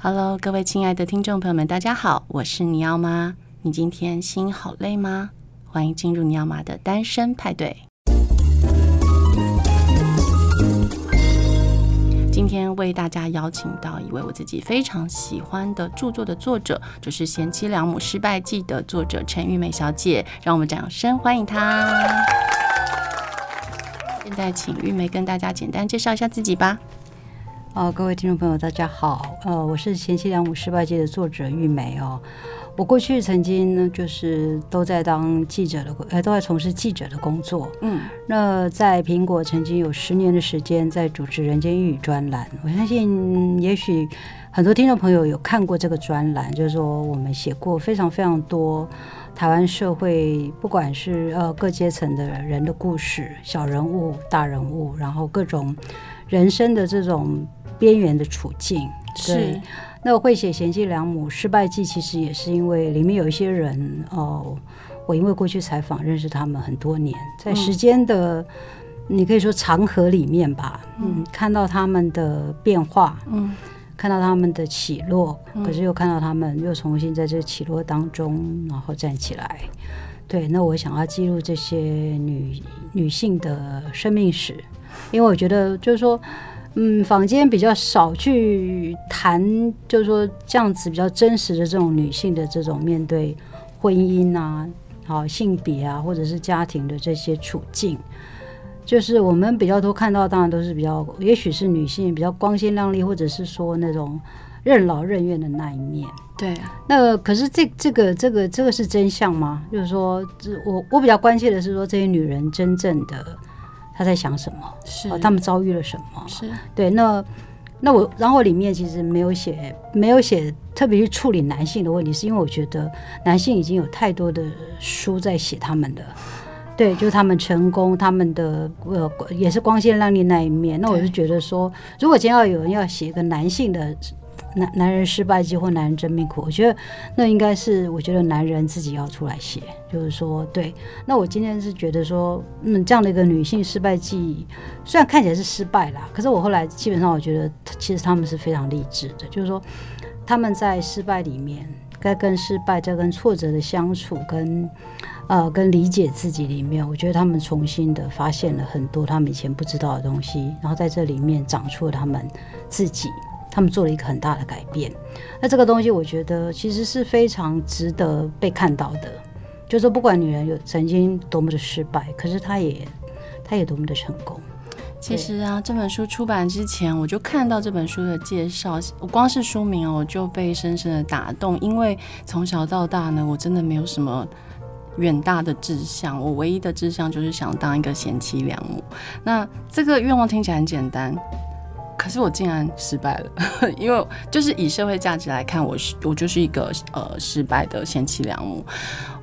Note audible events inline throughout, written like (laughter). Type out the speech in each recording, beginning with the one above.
Hello，各位親愛的聽眾朋友們，大家好，我是尼奧媽。你今天心好累嗎？歡迎進入尼奧媽的單身派對。今天為大家邀請到一位我自己非常喜歡的著作的作者，就是《賢妻良母失敗記》的作者陳玉梅小姐。讓我們掌聲歡迎她。 (laughs) 現在請玉梅跟大家簡單介紹一下自己吧。呃、各位聽眾朋友，大家好。呃，我是《賢妻良母失敗記》的作者玉梅哦。我過去曾經呢，就是都在當記者的，呃，都在從事記者的工作。嗯。那在蘋果曾經有十年的時間在主持《人間異語》專欄。我相信，也許很多聽眾朋友有看過這個專欄，就是說我們寫過非常非常多台灣社會，不管是呃各階層的人的故事，小人物、大人物，然後各種人生的這種。邊緣的處境，對，是，那我會寫賢妻良母失敗記，其實也是因為裡面有一些人哦，我因為過去採訪認識他們很多年，在時間的你可以說長河裡面吧，嗯，嗯，看到他們的變化，嗯，看到他們的起落，嗯、可是又看到他們又重新在這個起落當中，然後站起來，對，那我想要記錄這些女女性的生命史，因為我覺得就是說。嗯，坊間比較少去談，就是說，這樣子比較真實的這種女性的這種面對婚姻啊、好、啊、性別啊，或者是家庭的這些處境，就是我們比較多看到，當然都是比較，也許是女性比較光鮮亮麗，或者是說那種任勞任怨的那一面。對。那可是這這個這個這個是真相嗎？就是說，這我我比較關切的是說，這些女人真正的。他在想什麼？是、呃、他們遭遇了什麼？是對。那那我然後裡面其實沒有寫，沒有寫特別去處理男性的問題，是因為我覺得男性已經有太多的書在寫他們的，對，就是他們成功，他們的呃也是光鮮亮麗那一面。那我就覺得說，對如果今天要有人要寫一個男性的，男男人失敗記或男人真命苦，我覺得那應該是我覺得男人自己要出來寫，就是說。對。那我今天是覺得說，嗯，這樣的一個女性失敗記，雖然看起來是失敗啦，可是我後來基本上我覺得其實他們是非常勵志的，就是說他們在失敗裡面，該跟失敗在跟挫折的相處，跟呃跟理解自己裡面，我覺得他們重新的發現了很多他們以前不知道的東西，然後在這裡面長出了他們自己。他們做了一個很大的改變，那這個東西我覺得其實是非常值得被看到的。就是說不管女人有曾經多麼的失敗，可是她也她也多麼的成功。其實啊，這本書出版之前，我就看到這本書的介紹，我光是書名哦，我就被深深的打動，因為從小到大呢，我真的沒有什麼遠大的志向，我唯一的志向就是想當一個賢妻良母。那這個願望聽起來很簡單。可是我竟然失敗了，因為就是以社會價值來看，我是我就是一個呃失敗的賢妻良母。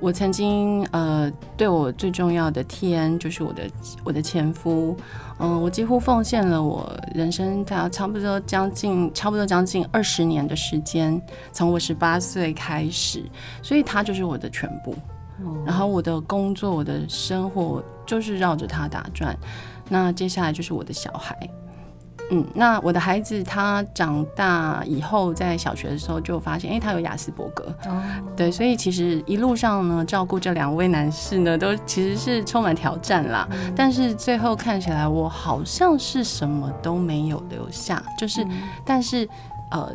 我曾經呃對我最重要的天就是我的我的前夫，嗯、呃，我幾乎奉獻了我人生他差不多將近差不多將近二十年的時間，從我十八歲開始，所以他就是我的全部。然後我的工作我的生活就是繞着他打轉，那接下來就是我的小孩。嗯，那我的孩子他長大以後，在小學的時候就發現，哎、欸，他有亞斯伯格。對，所以其實一路上呢，照顧這兩位男士呢，都其實是充滿挑戰啦。但是最後看起來，我好像是什麼都沒有留下。就是，嗯、但是呃，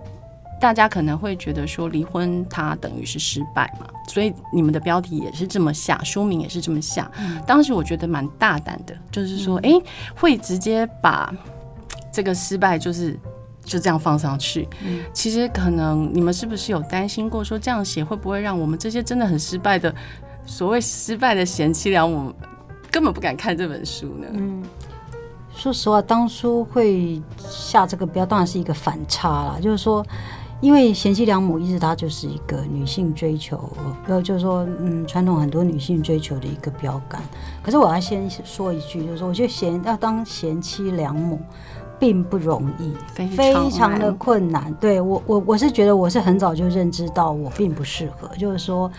大家可能會覺得說，離婚他等於是失敗嘛？所以你們的標題也是這麼下，書名也是這麼下。當時我覺得蠻大膽的，就是說，哎、欸，會直接把。這個失敗就是就這樣放上去。嗯，其實可能你們是不是有擔心過，說這樣寫會不會讓我們這些真的很失敗的所謂失敗的賢妻良母根本不敢看這本書呢？嗯，說實話，當初會下這個標當然是一個反差啦。就是說，因為賢妻良母一直它就是一個女性追求，呃，就是說，嗯，傳統很多女性追求的一個標杆。可是我要先說一句，就是說，我覺得賢要當賢妻良母並不容易，非常的困難。對我，我我是覺得我是很早就認知到我，我並不適合，就是說。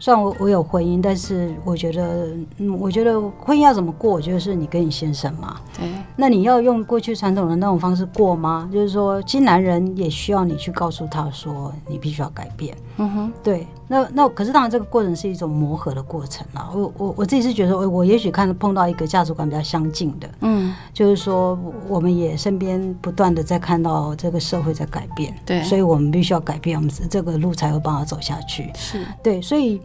雖然我我有婚姻，但是我覺得，嗯，我覺得婚姻要怎麼過，我覺得是你跟你先生嘛。對。那你要用過去傳統的那種方式過嗎？就是說，金男人也需要你去告訴他說，你必須要改變。嗯哼。對。那那可是當然，這個過程是一種磨合的過程了。我我我自己是覺得，我我也許看到碰到一個價值觀比較相近的。嗯。就是說，我們也身邊不斷的在看到這個社會在改變。對。所以我們必須要改變，我們這個路才有辦法走下去。是。對，所以。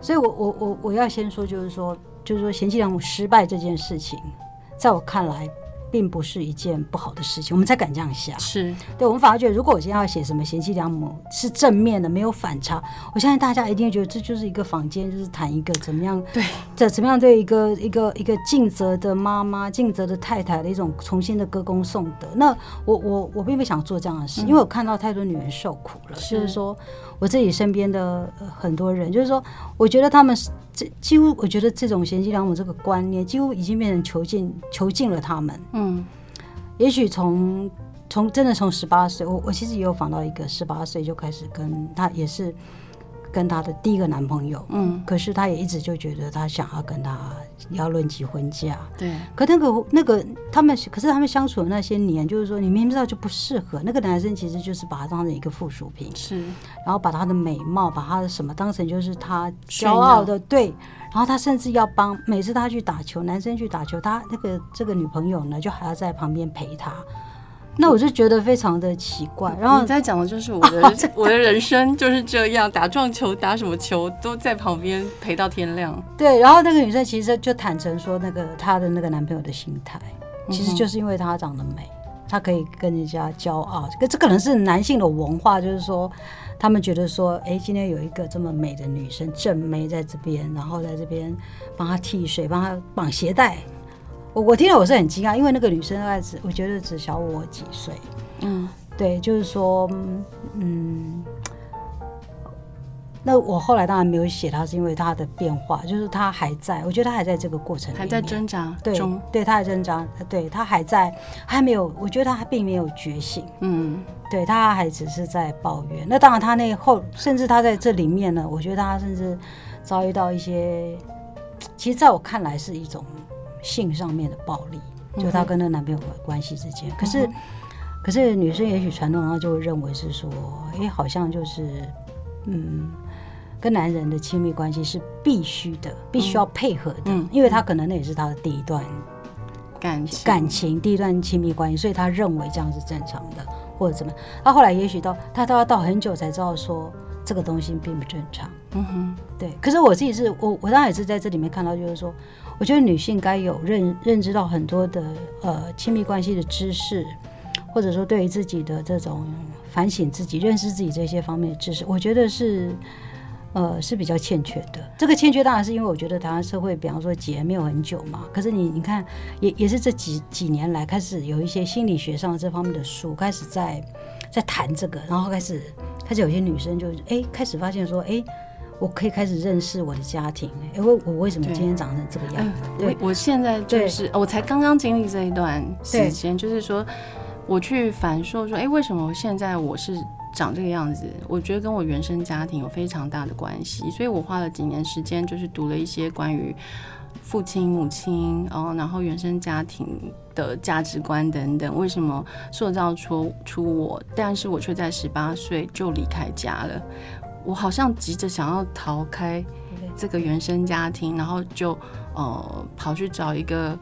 所以我，我我我我要先說，就是說，就是說，賢妻良母失敗這件事情，在我看來，並不是一件不好的事情。我們才敢這樣想，是對。我們反而覺得，如果我今天要寫什麼賢妻良母是正面的，沒有反差，我相信大家一定會覺得這就是一個房間，就是談一個怎麼樣，對，怎怎麼樣對一，一個一個一個盡責的媽媽、盡責的太太的一種重新的歌功頌德。那我我我並不想做這樣的事、嗯、因為我看到太多女人受苦了，嗯、就是說。我自己身邊的很多人，就是說，我覺得他們是這幾乎，我覺得這種賢妻良母這個觀念，幾乎已經變成囚禁，囚禁了他們。嗯，也許從從真的從十八歲，我我其實也有訪到一個十八歲就開始跟他，也是。跟她的第一個男朋友，嗯，可是她也一直就覺得她想要跟他要論及婚嫁，對。可那個那個他們，可是他們相處的那些年，就是說你明明知道就不適合，那個男生其實就是把他當成一個附屬品，是。然後把他的美貌，把他的什麼當成就是他驕傲的，是的。對。然後他甚至要幫，每次他去打球，男生去打球，他那個這個女朋友呢，就還要在旁邊陪他。那我就覺得非常的奇怪。然後你在講的就是我的、哦、我的人生就是這樣， (laughs) 打撞球打什麼球都在旁邊陪到天亮。對，然後那個女生其實就坦誠說，那個她的那個男朋友的心態，其實就是因為她長得美，她可以跟人家驕傲。可這個可能是男性的文化，就是說他們覺得說，哎，今天有一個這麼美的女生正妹在這邊，然後在這邊幫她遞水，幫她綁鞋帶。我我聽了我是很驚訝，因為那個女生大概只我覺得只小我幾歲，嗯，對，就是說，嗯，那我後來當然沒有寫她，是因為她的變化，就是她還在，我覺得她還在這個過程，還在掙扎，對，中對，她還掙扎，對，她還在，還沒有，我覺得她並沒有覺醒，嗯，對，她還只是在抱怨。那當然，她那後，甚至她在這裡面呢，我覺得她甚至遭遇到一些，其實在我看來是一種。性上面的暴力，就她跟她男朋友關係之間，嗯哼，可是，可是女生也許傳統上就會認為是說，哎、欸，好像就是，嗯，跟男人的親密關係是必須的，必須要配合的，嗯、因為她可能那也是她的第一段感情感情，第一段親密關係，所以她認為這樣是正常的，或者怎麼樣？她後來也許到她到要到很久才知道說，這個東西並不正常。嗯哼，對。可是我自己是我我當然也是在這裡面看到，就是說。我覺得女性該有認認知到很多的呃親密關係的知識，或者說對於自己的這種反省自己、認識自己這些方面的知識，我覺得是呃是比較欠缺的。這個欠缺當然是因為我覺得台灣社會，比方說解沒有很久嘛，可是你你看，也也是這幾幾年來開始有一些心理學上這方面的書開始在在談這個，然後開始開始有些女生就誒，開始發現說誒。我可以開始認識我的家庭，欸、為我，我為什麼今天長成這個樣子？我對對我現在就是，對我才剛剛經歷這一段時間，對就是說，我去反說說，哎、欸，為什麼現在我是長這個樣子？我覺得跟我原生家庭有非常大的關係，所以我花了幾年時間，就是讀了一些關於父親、母親，哦，然後原生家庭的價值觀等等，為什麼塑造出出我，但是我卻在十八歲就離開家了。我好像急着想要逃開這個原生家庭，然後就呃跑去找一個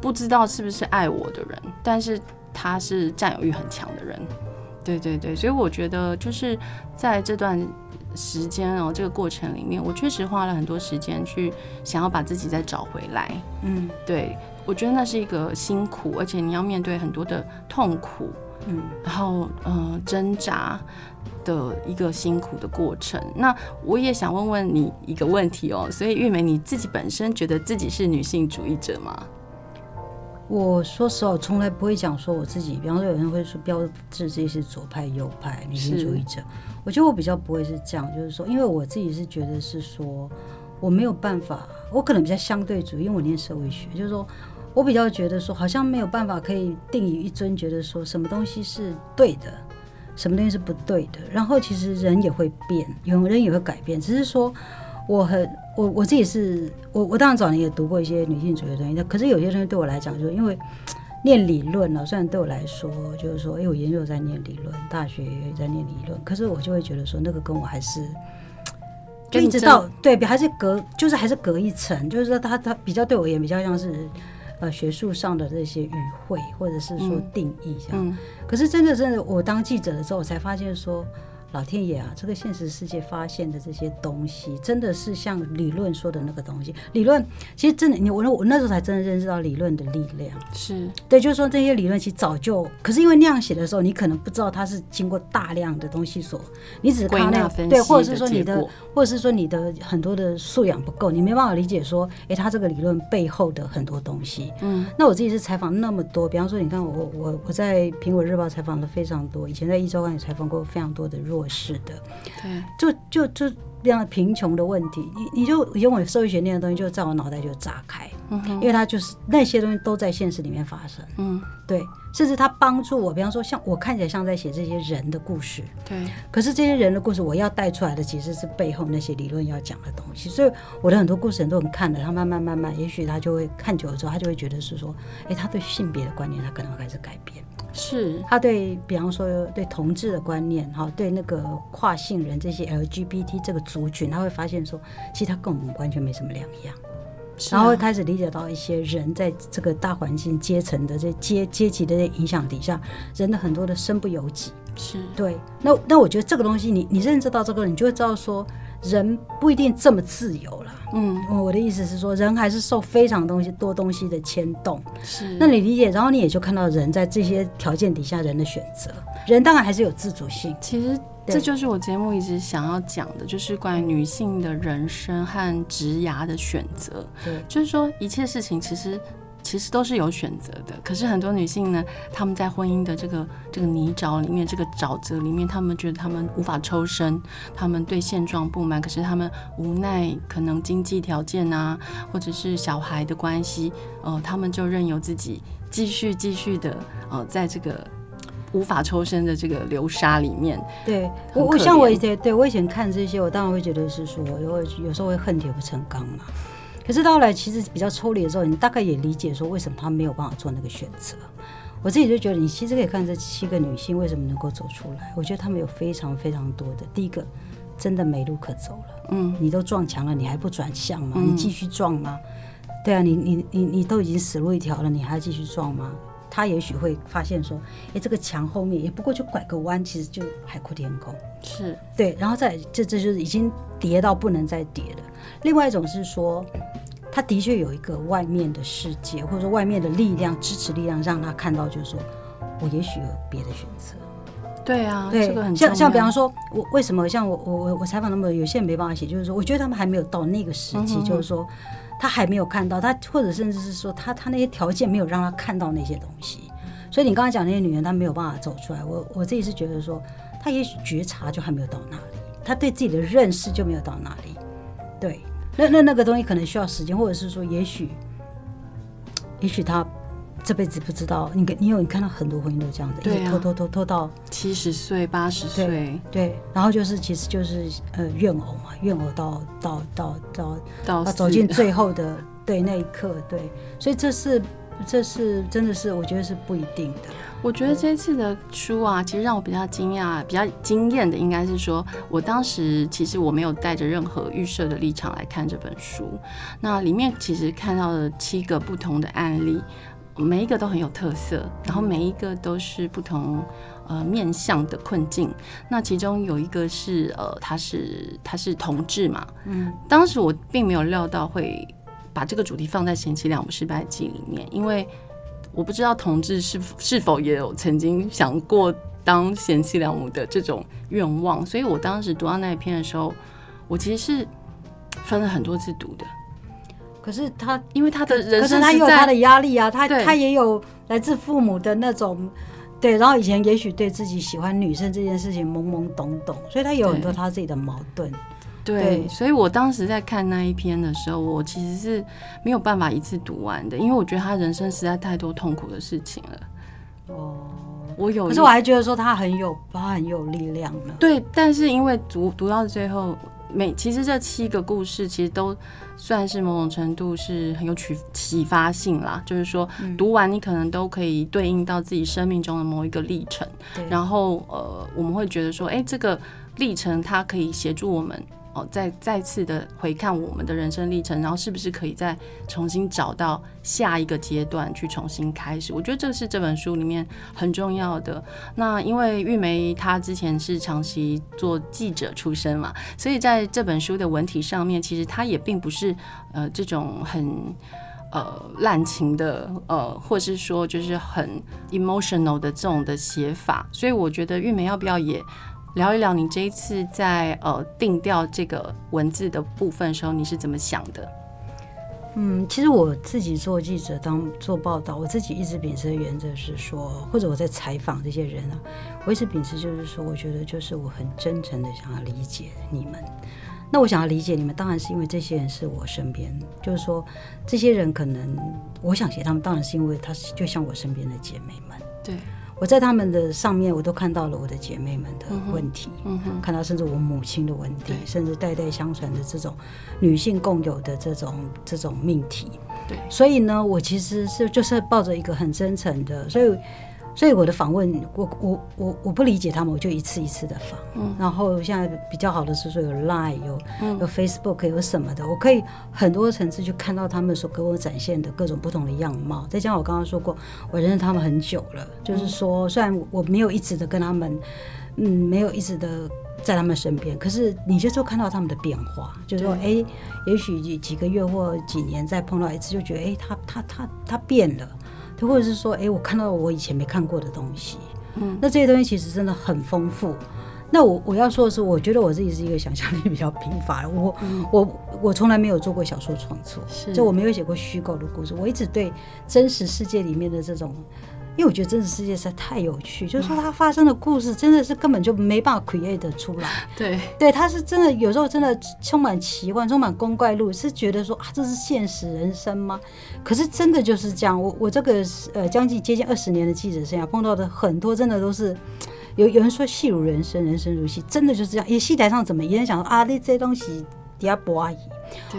不知道是不是愛我的人，但是他是佔有欲很強的人。對對對，所以我覺得就是在這段時間哦，這個過程裡面，我確實花了很多時間去想要把自己再找回來。嗯，對我覺得那是一個辛苦，而且你要面對很多的痛苦。嗯、然後，呃，掙扎的一個辛苦的過程。那我也想問問你一個問題哦。所以玉，玉梅你自己本身覺得自己是女性主義者嗎？我說實話，我從來不會講說我自己。比方說，有人會說標誌自己是左派、右派、女性主義者，是我覺得我比較不會是這樣。就是說，因為我自己是覺得是說，我沒有辦法，我可能比較相對主義。因為我念社會學，就是說。我比較覺得說，好像沒有辦法可以定於一尊，覺得說什麼東西是對的，什麼東西是不對的。然後其實人也會變，有人也會改變。只是說我，我很我我自己是我我當然早年也讀過一些女性主義的東西，那可是有些東西對我來講，就是因為念理論了，啊。雖然對我來說，就是說，因、欸、為我研究在念理論，大學也在念理論，可是我就會覺得說，那個跟我還是就一直到對比還是隔，就是還是隔一層，就是說他他比較對我也比較像是。呃，學術上的這些語彙，或者是說定義，嗯、這樣。嗯、可是，真的，真的，我當記者的時候，我才發現說。老天爺啊，這個現實世界發現的這些東西，真的是像理論說的那個東西。理論其實真的，你我我那時候才真的認識到理論的力量。是。對，就是說這些理論其實早就，可是因為那樣寫的時候，你可能不知道它是經過大量的東西所，你只歸納分析的結果。對，或者是說你的，或者是說你的很多的素養不夠，你沒辦法理解說，哎、欸，它這個理論背後的很多東西。嗯。那我自己是採訪那麼多，比方說，你看我我我在蘋果日報採訪了非常多，以前在壹週刊也採訪過非常多的弱。過世的，對，就就就這樣貧窮的問題，你你就因為我社會學念的東西，就在我腦袋就炸開，嗯哼，因為它就是那些東西都在現實裡面發生，嗯，對。甚至他幫助我，比方說像我看起來像在寫這些人的故事，對。可是這些人的故事，我要帶出來的其實是背後那些理論要講的東西。所以我的很多故事人都很多人看了，他慢慢慢慢，也許他就會看久了之後，他就會覺得是說，哎、欸，他對性別的觀念他可能會開始改變。是，他對，比方說對同志的觀念，哈，對那個跨性人這些 LGBT 這個族群，他會發現說，其實他跟我們完全沒什麼兩樣。然後會開始理解到一些人在這個大環境階層的這階階級的這影響底下，人的很多的身不由己。是，對。那那我覺得這個東西你，你你認識到這個，你就會知道說，人不一定這麼自由了。嗯，我的意思是說，人還是受非常東西多東西的牽動。是。那你理解，然後你也就看到人在這些條件底下人的選擇，人當然還是有自主性。其實。這就是我節目一直想要講的，就是關於女性的人生和職涯的選擇。對就是說一切事情其實其實都是有選擇的。可是很多女性呢，她們在婚姻的這個這個泥沼裡面，這個沼澤裡面，她們覺得她們無法抽身，她們對現狀不滿，可是她們無奈，可能經濟條件啊，或者是小孩的關係，呃，她們就任由自己繼續繼續的，呃，在這個。無法抽身的這個流沙裡面，對，我我像我以前對我以前看這些，我當然會覺得是說，有，有時候會恨鐵不成鋼嘛。可是到後來其實比較抽離的時候，你大概也理解說為什麼他沒有辦法做那個選擇。我自己就覺得，你其實可以看這七個女性為什麼能夠走出來。我覺得她們有非常非常多的，第一個，真的沒路可走了。嗯，你都撞牆了，你還不轉向嗎？你繼續撞嗎？嗯、對啊，你你你你都已經死路一條了，你還要繼續撞嗎？他也許會發現說，哎、欸，這個牆後面也不過就拐個彎，其實就海闊天空。是，對。然後再，這這就是已經跌到不能再跌了。另外一種是說，他的確有一個外面的世界，或者說外面的力量支持力量，讓他看到就是說，我也許有別的選擇。對啊，對，這個很重要。像像比方說，我為什麼像我我我採訪那麼多，有些人沒辦法寫，就是說，我覺得他們還沒有到那個時期，嗯、哼哼就是說。他還沒有看到他，或者甚至是說他他那些條件沒有讓他看到那些東西，所以你剛剛講那些女人，她沒有辦法走出來。我我自己是覺得說，她也許覺察就還沒有到那裡，她對自己的認識就沒有到那裡。對，那那那個東西可能需要時間，或者是說也，也許，也許她。這輩子不知道，你你有你看到很多婚姻都這樣的，一直拖拖拖拖到七十歲、八十歲，對，對。然後就是其實就是呃怨偶嘛，怨偶、啊、到到到到到走進最後的對那一刻，對。所以這是這是真的是我覺得是不一定的。我覺得這次的書啊，其實讓我比較驚訝、比較驚艷的應該是說，我當時其實我沒有帶着任何預設的立場來看這本書，那裡面其實看到了七個不同的案例。每一個都很有特色，然後每一個都是不同呃面向的困境。那其中有一個是呃，他是他是同志嘛，嗯，當時我並沒有料到會把這個主題放在賢妻良母失敗記裡面，因為我不知道同志是是否也有曾經想過當賢妻良母的這種願望，所以我當時讀到那一篇的時候，我其實是分了很多次讀的。可是他，因為他的人生，可是他也有他的壓力啊，他對他也有來自父母的那種，對，然後以前也許對自己喜歡女生這件事情懵懵懂懂，所以他有很多他自己的矛盾。對，對所以我當時在看那一篇的時候，我其實是沒有辦法一次讀完的，因為我覺得他人生實在太多痛苦的事情了。哦，我有，可是我還覺得說他很有，他很有力量呢。對，但是因為讀讀到最後。每其實這七個故事，其實都算是某種程度是很有啟啟發性啦就是說，讀完你可能都可以對應到自己生命中的某一個歷程。然後，呃，我們會覺得說，欸，這個歷程它可以協助我們。再再次的回看我們的人生歷程，然後是不是可以再重新找到下一個階段去重新開始？我覺得這是這本書裡面很重要的。那因為玉梅她之前是長期做記者出身嘛，所以在這本書的文體上面，其實她也並不是呃這種很呃濫情的呃，或是說就是很 emotional 的這種的寫法。所以我覺得玉梅要不要也？聊一聊你這一次在呃定調這個文字的部分的時候，你是怎麼想的？嗯，其實我自己做記者，當做報道，我自己一直秉持的原則是說，或者我在採訪這些人啊，我一直秉持就是說，我覺得就是我很真誠的想要理解你們。那我想要理解你們，當然是因為這些人是我身邊，就是說這些人可能我想寫他們，當然是因為他就像我身邊的姐妹們。對。我在他們的上面，我都看到了我的姐妹們的問題，嗯哼，嗯哼，看到甚至我母親的問題，對，甚至代代相傳的這種女性共有的這種這種命題。對，所以呢，我其實是就是抱着一個很真誠的，所以。所以我的訪問，我我我我不理解他們，我就一次一次的訪。嗯、然後現在比較好的是說有 Line 有有 Facebook 有什麼的，嗯、我可以很多層次去看到他們所給我展現的各種不同的樣貌。再加上我剛剛說過，我認識他們很久了，嗯、就是說雖然我沒有一直的跟他們，嗯，沒有一直的在他們身邊，可是你就是看到他們的變化，啊、就是說，哎、欸，也許幾幾個月或幾年再碰到一次，就覺得，哎、欸，他他他他變了。或者是說，哎、欸，我看到我以前沒看過的東西，嗯、那這些東西其實真的很豐富。那我我要說的是，我覺得我自己是一個想象力比較貧乏，我、嗯、我我從來沒有做過小說創作，就我沒有寫過虛構的故事，我一直對真實世界裡面的這種。因為我覺得真實世界實在太有趣，就是說它發生的故事真的是根本就沒辦法 create 得出來。對，對，它是真的，有時候真的充滿奇幻，充滿光怪陸，是覺得說啊，這是現實人生嗎？可是真的就是這樣。我我這個呃將近接近二十年的記者生涯，碰到的很多真的都是，有有人說戲如人生，人生如戲，真的就是這樣。也戲台上怎麼？也人想說啊，這這東西。迪亞波阿姨，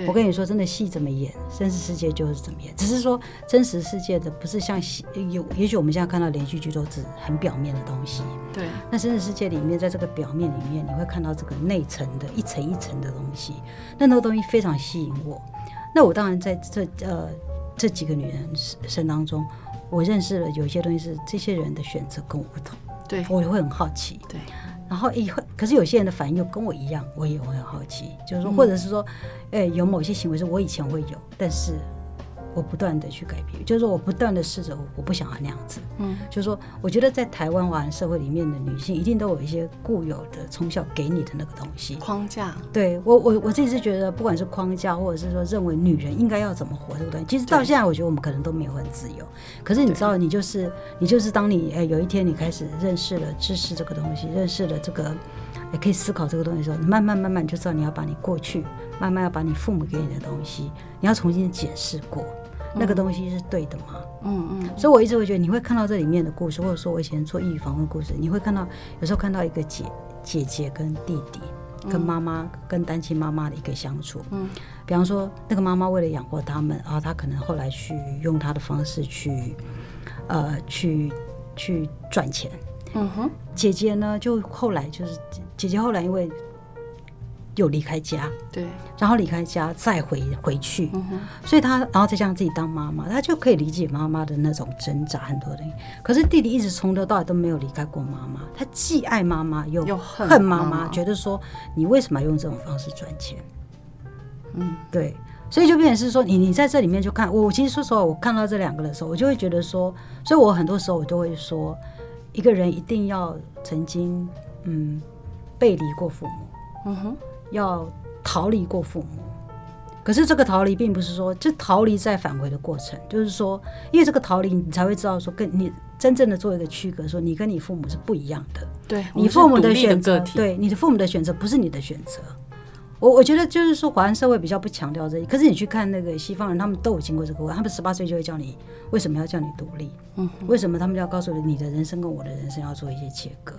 我跟你說，真的戲怎麼演，真實世界就是怎麼演。只是說，真實世界的不是像戲有，也許我們現在看到連續劇都只很表面的東西。對啊。那真實世界裡面，在這個表面裡面，你會看到這個內層的一層一層的東西。那那個東西非常吸引我。那我當然在這呃這幾個女人身當中，我認識了有些東西是這些人的選擇跟我不同。對。我也會很好奇。對。然後以後，可是有些人的反應又跟我一樣，我也會很好奇，就是說，或者是說，誒、欸，有某些行為是我以前會有，但是。我不斷的去改變，就是說我不斷的試着，我不想要那樣子，嗯，就是說，我覺得在台灣華人社會裡面的女性，一定都有一些固有的從小給你的那個東西框架。對，我我我自己是覺得，不管是框架，或者是說認為女人應該要怎麼活這個東西，其實到現在我覺得我們可能都沒有很自由。對可是你知道，你就是對你就是當你誒有一天你開始認識了知識這個東西，認識了這個也可以思考這個東西的時候，你慢慢慢慢就知道你要把你過去，慢慢要把你父母給你的東西，你要重新解釋過。那個東西是對的嗎？嗯嗯，嗯嗯，所以我一直會覺得，你會看到這裡面的故事，或者說我以前做抑鬱訪問的故事，你會看到有時候看到一個姐姐姐跟弟弟，跟媽媽、嗯、跟單親媽媽的一個相處，嗯，比方說那個媽媽為了養活他們啊，她可能後來去用她的方式去，呃，去去賺錢，嗯哼，姐姐呢就後來就是姐姐後來因為。又離開家，對，然後離開家再回回去，嗯哼，所以他然後再將自己當媽媽，他就可以理解媽媽的那種掙扎很多東西。可是弟弟一直從頭到尾都沒有離開過媽媽，他既愛媽媽又恨媽媽，媽媽覺得說你為什麼用這種方式賺錢？嗯，對，所以就變成是說你你在這裡面就看我。其實說實話，我看到這兩個的時候，我就會覺得說，所以我很多時候我都會說，一個人一定要曾經嗯背離過父母。嗯哼。要逃離過父母，可是這個逃離並不是說，這逃離再返回的過程，就是說，因為這個逃離，你才會知道說，跟你，你真正的做一個區隔，說你跟你父母是不一樣的。對，你父母的選擇，對你的父母的選擇不是你的選擇。我我覺得就是說，華人社會比較不強調這，可是你去看那個西方人，他們都有經過這個，他們十八歲就會叫你為什麼要叫你獨立？嗯哼，為什麼他們要告訴你，你的人生跟我的人生要做一些切割？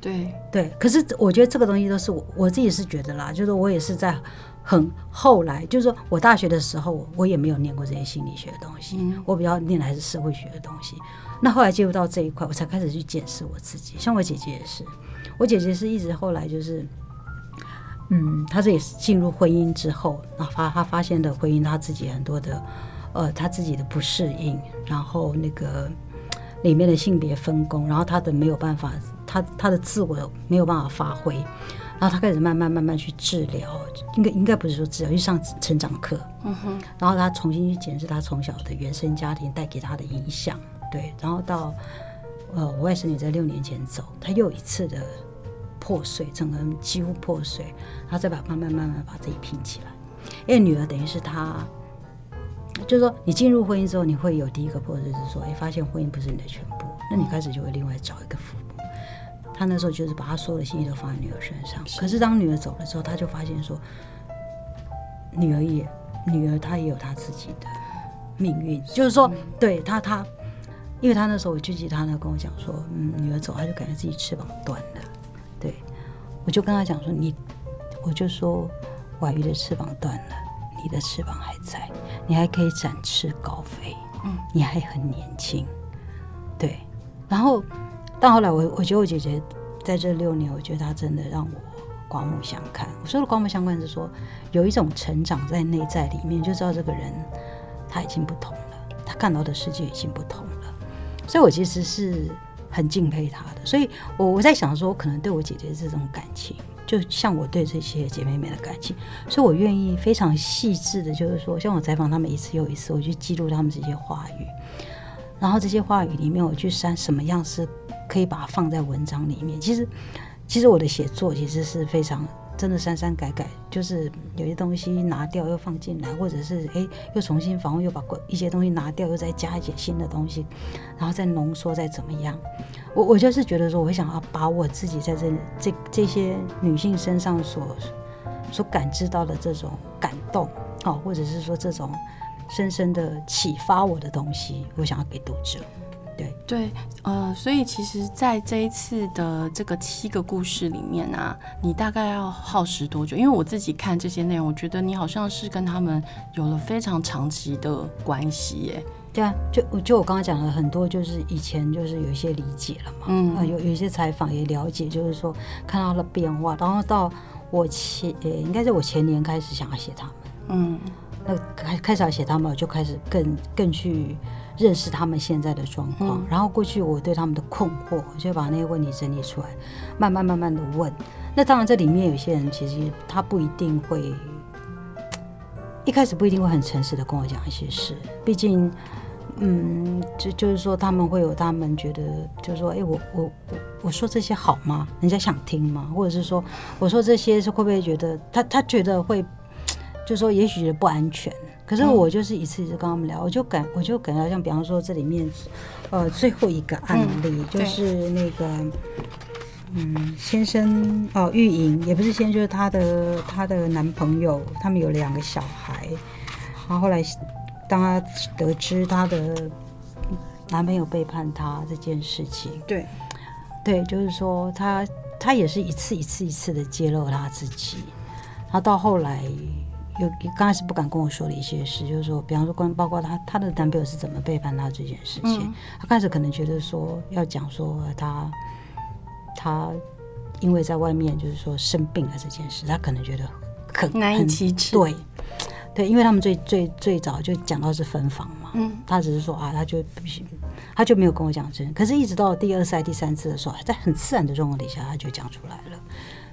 對對，可是我覺得這個東西都是我，我自己是覺得啦，就是我也是在很後來，就是說我大學的時候，我也沒有念過這些心理學的東西，嗯，我比較念的還是社會學的東西。那後來接觸到這一塊，我才開始去檢視我自己。像我姐姐也是，我姐姐是一直後來就是，嗯，她這也是進入婚姻之後，那發她發現的婚姻，她自己很多的呃，她自己的不適應，然後那個。裡面的性別分工，然後他的沒有辦法，他他的自我沒有辦法發揮，然後他開始慢慢慢慢去治療，應該應該不是說治療，去上成長課，嗯哼，然後他重新去檢視他從小的原生家庭帶給他的影響，對，然後到呃我外甥女在六年前走，他又一次的破碎，整個人幾乎破碎，然後再把慢慢慢慢把自己拼起來，因為女兒等於是他。就是說，你進入婚姻之後，你會有第一個波折就是說，哎，發現婚姻不是你的全部。那你開始就會另外找一個父母。他那時候就是把他所有的心意都放在女兒身上。可是當女兒走了之後，他就發現說，女兒也，女兒她也有她自己的命運。就是說，對他他，因為他那時候我記得他呢跟我講說，嗯，女兒走，他就感覺自己翅膀斷了。對，我就跟他講說，你，我就說，婉瑜的翅膀斷了，你的翅膀還在。你還可以展翅高飛，嗯，你還很年輕，嗯、對。然後到後來我，我我覺得我姐姐在這六年，我覺得她真的讓我刮目相看。我說的刮目相看是說有一種成長在內在裡面，就知道這個人他已經不同了，他看到的世界已經不同了。所以我其實是很敬佩他的。所以我我在想說，我可能對我姐姐這種感情。就像我對這些姐妹們的感情，所以我願意非常細緻的，就是說，像我採訪她們一次又一次，我去記錄她們這些話語，然後這些話語裡面，我去刪什麼樣是可以把它放在文章裡面。其實，其實我的寫作其實是非常。真的刪刪改改，就是有些東西拿掉又放進來，或者是誒、欸、又重新訪問又把一些東西拿掉，又再加一些新的東西，然後再濃縮再怎麼樣。我我就是覺得說，我想要把我自己在這這這些女性身上所所感知到的這種感動，哦，或者是說這種深深的啟發我的東西，我想要給讀者。對，呃，所以其實在這一次的這個七個故事裡面呢、啊，你大概要耗時多久？因為我自己看這些內容，我覺得你好像是跟他們有了非常長期的關係耶。對啊，就就我剛剛講了很多，就是以前就是有一些理解了嘛，嗯，呃、有有一些採訪也了解，就是說看到了變化，然後到我前，欸、應該是我前年開始想要寫他們，嗯，那開始要寫他們，我就開始更更去。認識他們現在的狀況，嗯、然後過去我對他們的困惑，我就把那些問題整理出來，慢慢慢慢的問。那當然這裡面有些人其實他不一定會，一開始不一定會很誠實的跟我講一些事。畢竟，嗯，就就是說他們會有他們覺得，就是說，哎、欸，我我我我說這些好嗎？人家想聽嗎？或者是說我說這些是會不會覺得他他覺得會，就是說也許不安全。可是我就是一次一次跟他們聊，嗯、我就感我就感覺像比方說這裡面，呃，最後一個案例，嗯、就是那個，對嗯，先生哦，玉瑩也不是先生，就是她的她的男朋友，他們有兩個小孩，然後後來當他得知他的男朋友背叛他這件事情，對對，對，就是說他她也是一次一次一次的揭露他自己，她到後來。有剛開始不敢跟我說的一些事，就是說，比方說關包括他他的男朋友是怎麼背叛他這件事情，他開始可能覺得說，要講說他他因為在外面就是說生病了這件事，他可能覺得很很奇奇對對，因為他們最最最早就講到是分房嘛，嗯，他只是說啊，他就不行，他就沒有跟我講真。可是，一直到第二次第三次的時候，在很自然的狀況底下，他就講出來了。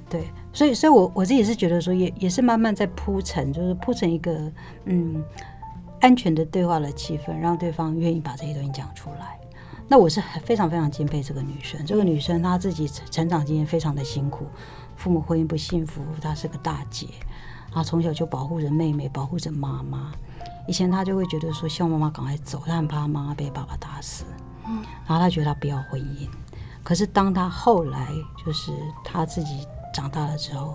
對，所以，所以我，我我自己是覺得說也，也也是慢慢在鋪陳，就是鋪陳一個嗯安全的對話的氣氛，讓對方願意把這些東西講出來。那我是很非常非常敬佩這個女生，這個女生她自己成長經驗非常的辛苦，父母婚姻不幸福，她是個大姐，她從小就保護着妹妹，保護着媽媽。以前她就會覺得說，希望媽媽趕快走，她很怕媽媽被爸爸打死。嗯。然後她覺得她不要婚姻，可是當她後來就是她自己。長大了之後，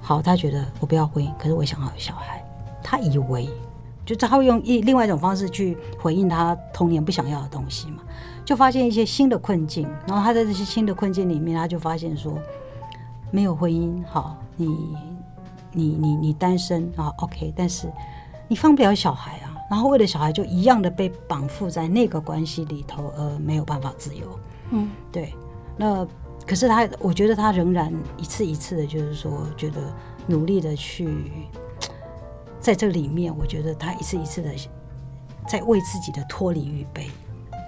好，他覺得我不要婚姻，可是我想要有小孩。他以為，就他會用一另外一種方式去回應他童年不想要的東西嘛，就發現一些新的困境。然後他在這些新的困境裡面，他就發現說，沒有婚姻，好，你你你你單身啊，OK，但是你放不了小孩啊。然後為了小孩，就一樣的被綁縛在那個關係裡頭，而沒有辦法自由。嗯，對，那。可是他，我覺得他仍然一次一次的，就是說，覺得努力的去，在這裡面，我覺得他一次一次的在為自己的脫離預備。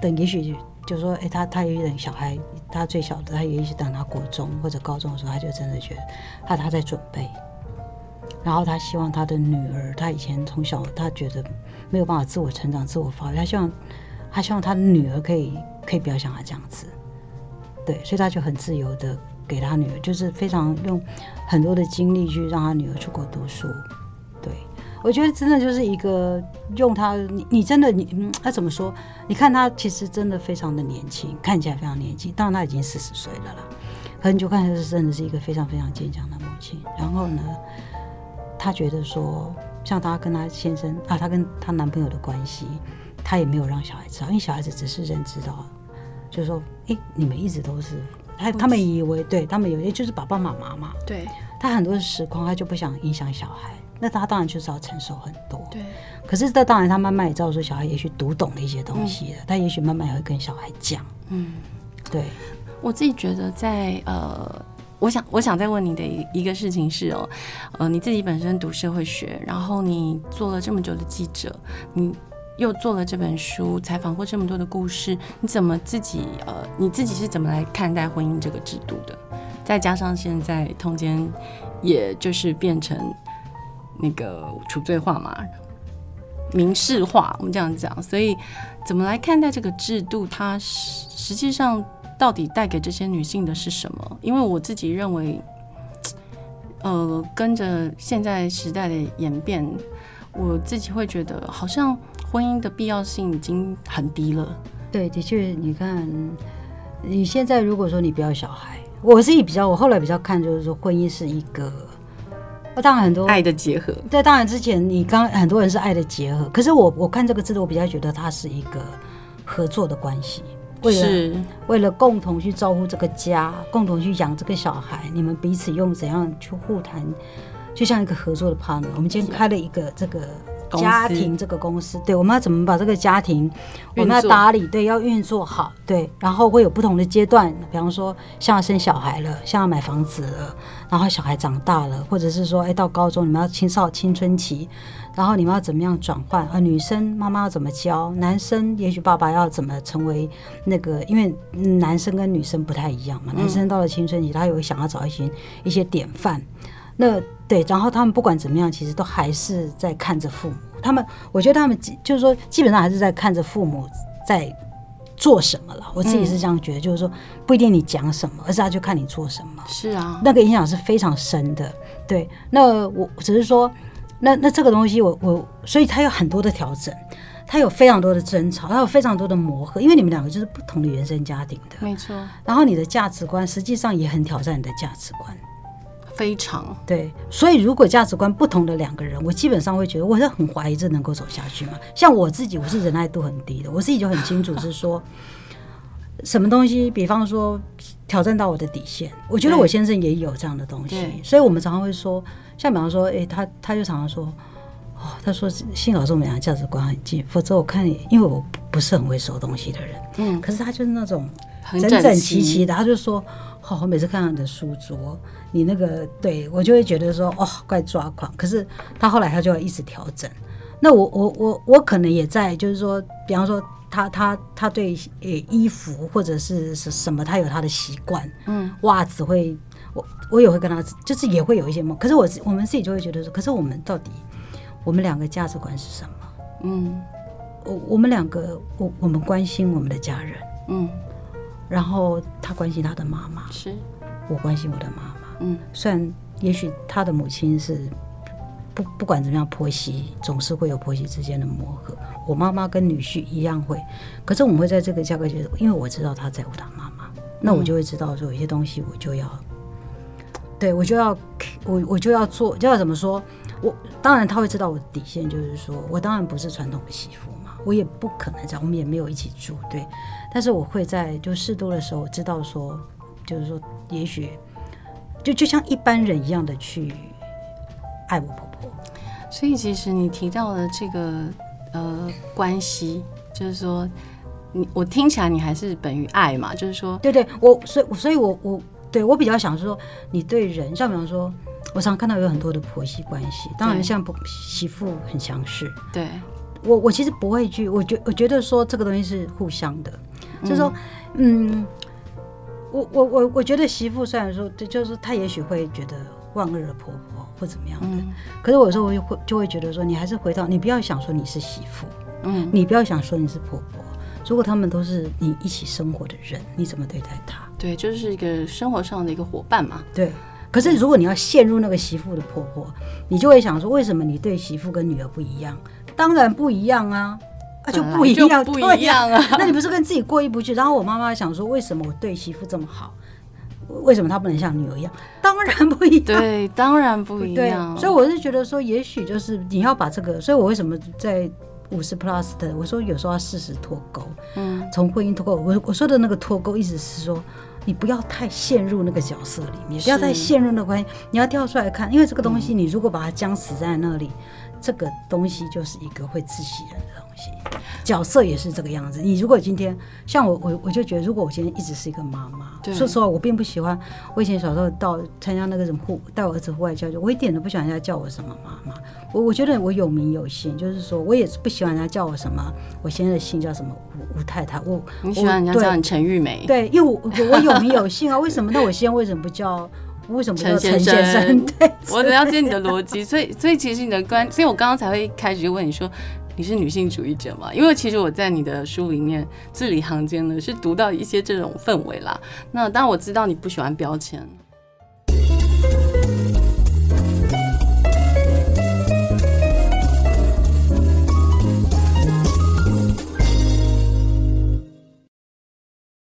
等，也許就是說，哎、欸，他他有點小孩，他最小的，他也許等他國中或者高中的時候，他就真的覺得他他在準備。然後他希望他的女兒，他以前從小他覺得沒有辦法自我成長、自我發育，他希望他希望他女兒可以可以不要像他這樣子。對，所以他就很自由的給他女兒，就是非常用很多的精力去讓他女兒出國讀書。對，我覺得真的就是一個用他，你你真的你嗯，他、啊、怎麼說？你看他其實真的非常的年輕，看起來非常年輕，當然他已經四十歲了啦。可你就看他是真的是一個非常非常堅強的母親。然後呢，他覺得說，像他跟他先生啊，他跟他男朋友的關係，他也沒有讓小孩知道，因為小孩子只是認知到。就說，哎、欸，你們一直都是，他們他們以為對他們以為就是爸爸媽媽嘛，對，他很多的時光，他就不想影響小孩，那他當然就是要承受很多，對。可是這當然，他慢慢也知道說，小孩也許讀懂了一些東西了，他、嗯、也許慢慢也會跟小孩講，嗯，對。我自己覺得在，在呃，我想我想再問你的一個事情是哦，呃，你自己本身讀社會學，然後你做了這麼久的記者，你。又做了這本書，採訪過這麼多的故事，你怎麼自己呃，你自己是怎麼來看待婚姻這個制度的？再加上現在通奸也就是變成那個除罪化嘛，民事化，我們這樣講，所以怎麼來看待這個制度？它實實際上到底帶給這些女性的是什麼？因為我自己認為，呃，跟着現在時代的演變，我自己會覺得好像。婚姻的必要性已經很低了。對，的確，你看，你現在如果說你不要小孩，我自己比較，我後來比較看，就是說婚姻是一個，當然很多愛的結合。在當然之前，你剛很多人是愛的結合，可是我我看這個制度，我比較覺得它是一個合作的關係，為了是為了共同去照顧這個家，共同去養這個小孩，你們彼此用怎樣去互談，就像一個合作的 partner。Yeah. 我們今天開了一個這個。家庭這個公司，對，我們要怎麼把這個家庭作我們要打理，對，要運作好，對，然後會有不同的階段，比方說像生小孩了，像要買房子了，然後小孩長大了，或者是說，誒、欸，到高中你們要青少青春期，然後你們要怎麼樣轉換？啊、呃、女生媽媽要怎麼教，男生也許爸爸要怎麼成為那個，因為男生跟女生不太一樣嘛，嗯、男生到了青春期，他有想要找一些一些典範，那。對，然後他們不管怎麼樣，其實都還是在看着父母。他們，我覺得他們就是說，基本上還是在看着父母在做什麼了。我自己是這樣覺得，嗯，就是說，不一定你講什麼，而是他就看你做什麼。是啊，那個影響是非常深的。對，那我只是說，那那這個東西我，我我，所以它有很多的調整，它有非常多的爭吵，它有非常多的磨合，因為你們兩個就是不同的原生家庭的，沒錯。然後你的價值觀實際上也很挑戰你的價值觀。非常對，所以如果價值觀不同的兩個人，我基本上會覺得我是很懷疑這能夠走下去嘛。像我自己，我是忍耐度很低的， (laughs) 我自己就很清楚是說，什麼東西，比方說挑戰到我的底線，我覺得我先生也有這樣的東西，對所以我們常常會說，像比方說，哎、欸，他他就常常說，哦，他說幸好是我們兩個價值觀很近，否則我看，因為我不是很會收東西的人，嗯，可是他就是那種整整齊齊的，他就說，哦，我每次看到你的書桌。你那個，對我就會覺得說，哦，怪，抓狂。可是他後來他就要一直調整。那我我我我可能也在，就是說，比方說他他他對呃衣服或者是什麼他有他的習慣，嗯，襪子會我我也會跟他就是也會有一些嘛。可是我我們自己就會覺得說，可是我們到底我們兩個價值觀是什麼？嗯，我我們兩個我我們關心我們的家人，嗯，然後他關心他的媽媽，是，我關心我的媽。嗯，雖然也許他的母親是不，不管怎麼樣，婆媳總是會有婆媳之間的磨合。我媽媽跟女婿一樣會，可是我們會在這個價格，就是，因為我知道他在乎他媽媽，那我就會知道說，有些東西我就要，嗯、對我就要，我我就要做就要怎麼說？我當然他會知道我的底線，就是說我當然不是傳統的媳婦嘛，我也不可能在我們也沒有一起住對，但是我會在就適度的時候知道說，就是說也許。就就像一般人一樣的去愛我婆婆，所以其實你提到的這個呃關係，就是說你我聽起來你還是本於愛嘛，就是說對對我，所以所以我我對我比較想說，你對人像比方說我常看到有很多的婆媳關係，當然像媳婦很強勢，對我我其實不會去我覺我覺得說這個東西是互相的，就是說嗯。嗯我我我我覺得媳婦雖然說，這就是她也許會覺得萬惡的婆婆或怎麼樣的，嗯，可是我有時候我就會就會覺得說，你還是回到你不要想說你是媳婦，嗯，你不要想說你是婆婆。如果他們都是你一起生活的人，你怎麼對待他？對，就是一個生活上的一個夥伴嘛。對。可是如果你要陷入那個媳婦的婆婆，你就會想說，為什麼你對媳婦跟女兒不一樣？當然不一樣啊。他、啊、就不一樣，不一樣啊,對啊！那你不是跟自己過意不去？然後我媽媽想說，為什麼我對媳婦這麼好？為什麼她不能像女兒一樣？當然不一樣、啊，對，當然不一樣、啊對啊。所以我是覺得說，也許就是你要把這個。所以我為什麼在五十 plus，的，我說有時候要適時脫鈎。嗯。從婚姻脫鈎，我我說的那個脫鈎，意思是說，你不要太陷入那個角色裡面，是 你不要太陷入那關係，你要跳出來看。因為這個東西，你如果把它僵死在那裡，嗯、這個東西就是一個會窒息的。角色也是這個樣子。你如果今天像我，我我就覺得，如果我今天一直是一個媽媽，對說實話，我並不喜歡。我以前小時候到參加那個什麼戶帶我兒子戶外教學，我一點都不喜歡人家叫我什麼媽媽。我我覺得我有名有姓，就是說我也是不喜歡人家叫我什麼。我現在的姓叫什麼？吳吳太太。我,我你喜歡人家叫你陳玉梅，對，因為我我,我有名有姓啊。為什麼？那我現在為什麼不叫？為什麼不叫陳先,先生？對，我了解你的邏輯， (laughs) 所以所以其實你的觀，所以我剛剛才會一開始問你說。你是女性主義者嗎？因為其實我在你的書裡面，字裡行間呢，是讀到一些這種氛圍啦。那當然我知道你不喜歡標籤。